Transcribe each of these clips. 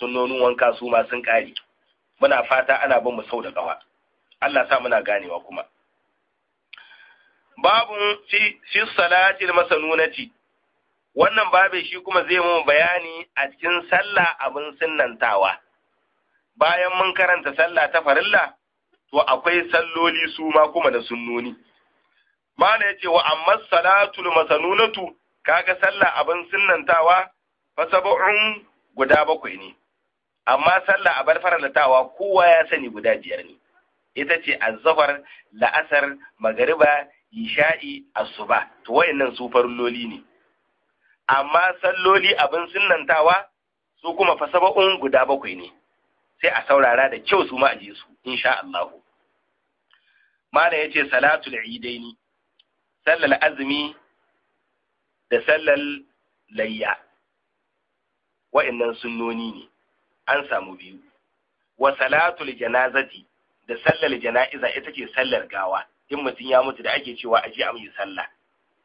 sunnonin wanka su ma sun ƙare muna fata ana bin mu sau da ƙawa Allah sa muna ganewa kuma Babu fi fi salatil masanunati wannan babu shi kuma zai mu bayani a cikin sallah abin sunnantawa bayan mun karanta sallah ta farilla to akwai salloli su ma kuma da sunnoni mana yace wa amma salatul masanunatu kaga sallah abin sunnantawa fa sab'un guda bakwai ne amma sallah a bar farallatawa kowa ya sani guda biyar ne ita ce azzafar la'asar magariba isha'i asuba to wayannan su farloli ne amma salloli abin sunnantawa su kuma fa saba'un guda bakwai ne sai a saurara da kyau su ma a je su insha Allah mala yace salatul idaini sallal azumi da sallal layya wayannan sunnoni ne an samu biyu wa salatul janazati da sallar jana'iza ita ce sallar gawa in mutum ya mutu da ake cewa aje a yi sallah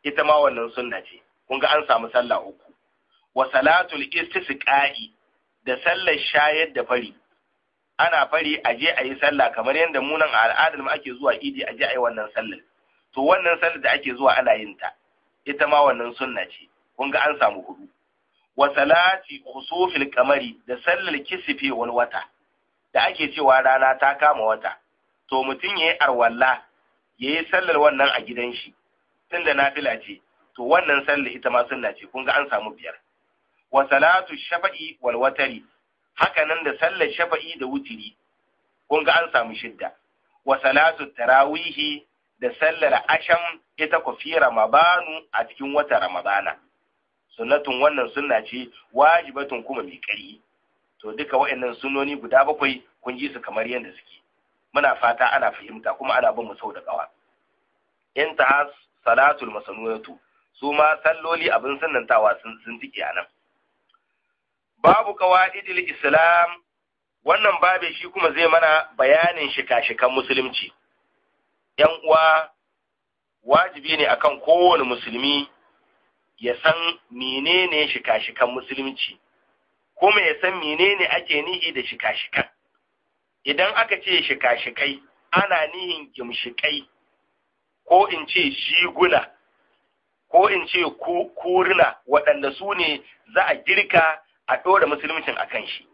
ita ma wannan sunna ce kun ga an samu sallah uku wa salatul istisqa'i da sallar shayar da fari ana fari aje a yi sallah kamar yadda munan a al'adar mu ake zuwa idi aje a yi wannan sallar to wannan sallar da ake zuwa ana yin ta ita ma wannan sunna ce kun ga an samu hudu wa salati khusufil kamari da sallar kisife wal wata da ake cewa rana ta kama wata to mutum yayi arwalla yayi sallar wannan a gidan shi tunda nafila ce to wannan sallar ita ma sunna ce kun ga an samu biyar wa salatu shafa'i wal watari haka nan da sallar shafa'i da wutiri kun ga an samu shidda wa salatu tarawihi da sallar asham ita kufira mabanu a cikin wata ramadana sunnatun wannan sunna ce wajibatun kuma mai ƙari to duka waɗannan sunoni guda bakwai kun ji su kamar yadda suke muna fata ana fahimta kuma ana bin mu sau da ƙawa in ta salatul masanunatu su ma salloli abin sunnantawa sun sun tike a nan babu qawaidil islam wannan babe shi kuma zai mana bayanin shika-shikan musulunci yan uwa wajibi ne akan kowane musulmi ya san menene shika musulunci kuma ya san menene ake nihi da shika idan aka ce shikashikai ana nihin gimshikai ko in ce shiguna ko in ce kuruna waɗanda su ne za a girka a ɗora musuluncin a shi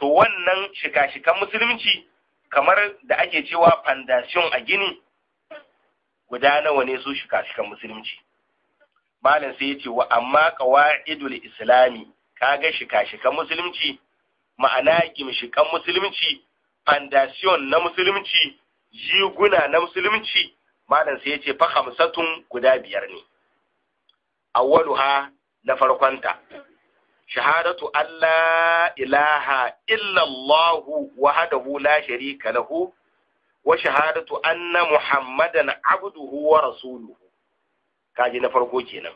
to wannan shikashikan shikan musulunci kamar da ake cewa fandashin a gini guda nawa ne su shika-shikan musulunci malam sai ya ce wa amma qawaidul islami kaga shika-shikan musulunci ma'ana gimshikan musulunci foundation na musulunci jiguna na musulunci malam sai ya ce fa hamsatun guda biyar ne awwaluha na farkonta shahadatu alla ilaha illallahu wahdahu la sharika lahu wa shahadatu anna muhammadan abduhu wa rasuluhu kaji na farko kenan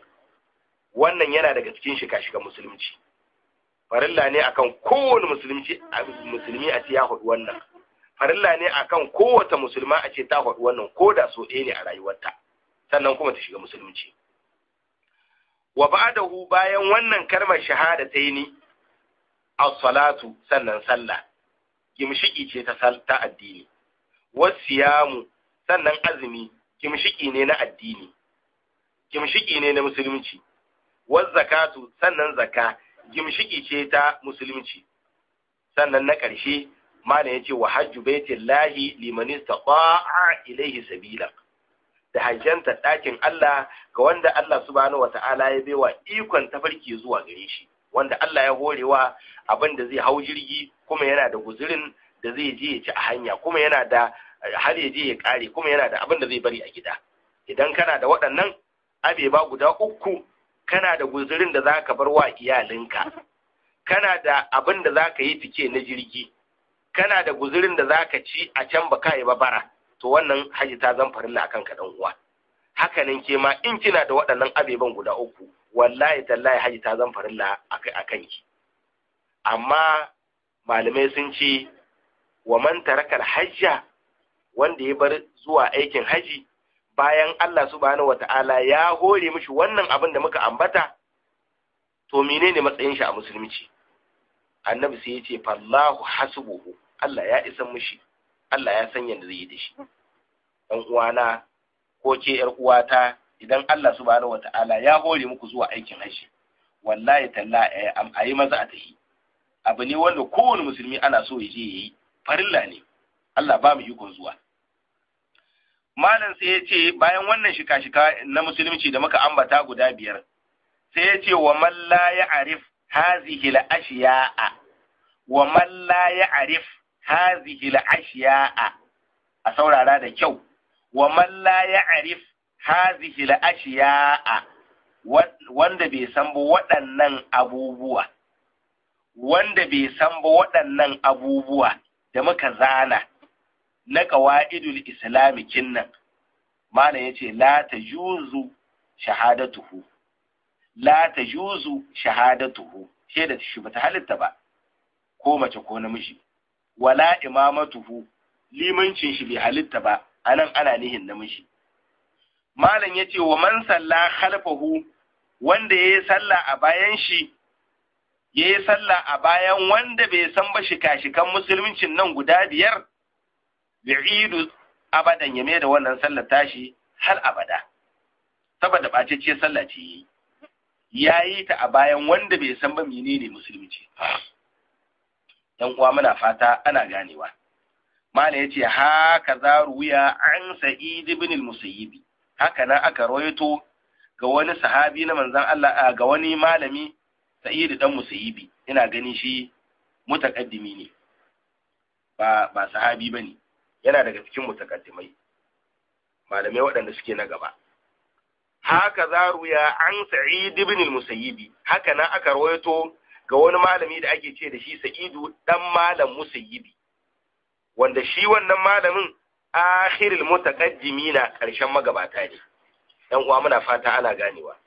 wannan yana daga cikin kashi ga musulunci farilla ne akan kowane musulunci musulmi a ce ya hudu wannan farilla ne akan kowace musulma a ce ta hudu wannan ko da so ɗaya ne a rayuwarta sannan kuma ta shiga musulunci wa ba'dahu bayan wannan kalmar shahada ta ni as-salatu sannan sallah kimshiki ce ta ta addini wasiyamu sannan azumi kimshiki ne na addini gimshiki ne na musulunci waz zakatu sannan zakka gimshiki ce ta musulunci sannan na ƙarshe mana ya ce wa hajju baitillahi liman istata'a sabila da hajjanta ɗakin Allah ga wanda Allah subhanahu wata'ala ya baiwa ikon tafarki zuwa gare shi wanda Allah ya horewa abin da zai hau jirgi kuma yana da guzurin da zai je ya ci a hanya kuma yana da har ya je ya kare kuma yana da abin da zai bari a gida idan kana da waɗannan abeba guda uku kana da guzurin da za ka bar wa iyalinka kana da abin da za ka yi fice na jirgi kana da guzurin da za ka ci a can ba kai ba bara to wannan haji ta zan farin a kanka dan uwa nan ke ma in kina da waɗannan abeban guda uku wallahi tallahi haji ta zan farilla akan ki amma malamai sun ce wa man tarakal hajja wanda ya bar zuwa aikin haji bayan Allah subhanahu wata'ala ya hore mishi wannan abin da muka ambata to menene matsayin shi a musulunci annabi sai ya ce fallahu hasbuhu Allah ya isa mishi Allah ya san yadda zai yi da shi dan uwana ko ke yar uwata idan Allah subhanahu wata'ala ya hore muku zuwa aikin haji wallahi talla eh, am yi maza a tahi abu ne wanda kowane musulmi ana so ya je yayi farilla ne Allah ba mu ikon zuwa malam sai ya ce bayan wannan shika-shika na musulunci da muka ambata guda biyar sai ya ce wa malla ya arif hazihi la ashiyaa wa malla ya arif hazihi la ashiyaa a saurara da kyau wa malla ya arif hazihi la ashiyaa wanda bai san ba waɗannan abubuwa wanda bai san ba waɗannan abubuwa da muka zana na qawaidul islami kinnan mana yace la tajuzu shahadatuhu la tajuzu shahadatuhu da shi bata halitta ba ko mace ko namiji wala imamatuhu limancin shi bai halitta ba anan ana nihin namiji malam yace wa man salla khalfahu wanda yayi sallah a bayan shi yayi sallah a bayan wanda bai san ba shika-shikan musuluncin nan guda biyar bi'idu abadan ya mai da wannan sallar tashi har abada saboda ɓacecce sallah ce yi ya yi ta a bayan wanda bai san ba menene musulunci yan uwa muna fata ana ganewa mala yace haka za ruya an sa'id ibn al-musayyib haka nan aka rawaito ga wani sahabi na manzon Allah ga wani malami sa'id dan musayyib ina gani shi mutaqaddimi ne ba ba sahabi bane yana daga cikin mutakaddimai malamai waɗanda suke na gaba haka za ruya an sa'id ibn al-musayyibi haka na aka rawaito ga wani malami da ake ce da shi sa'idu dan malam musayyibi wanda shi wannan malamin mutakaddimi na karshen magabata ne dan uwa muna fata ana ganewa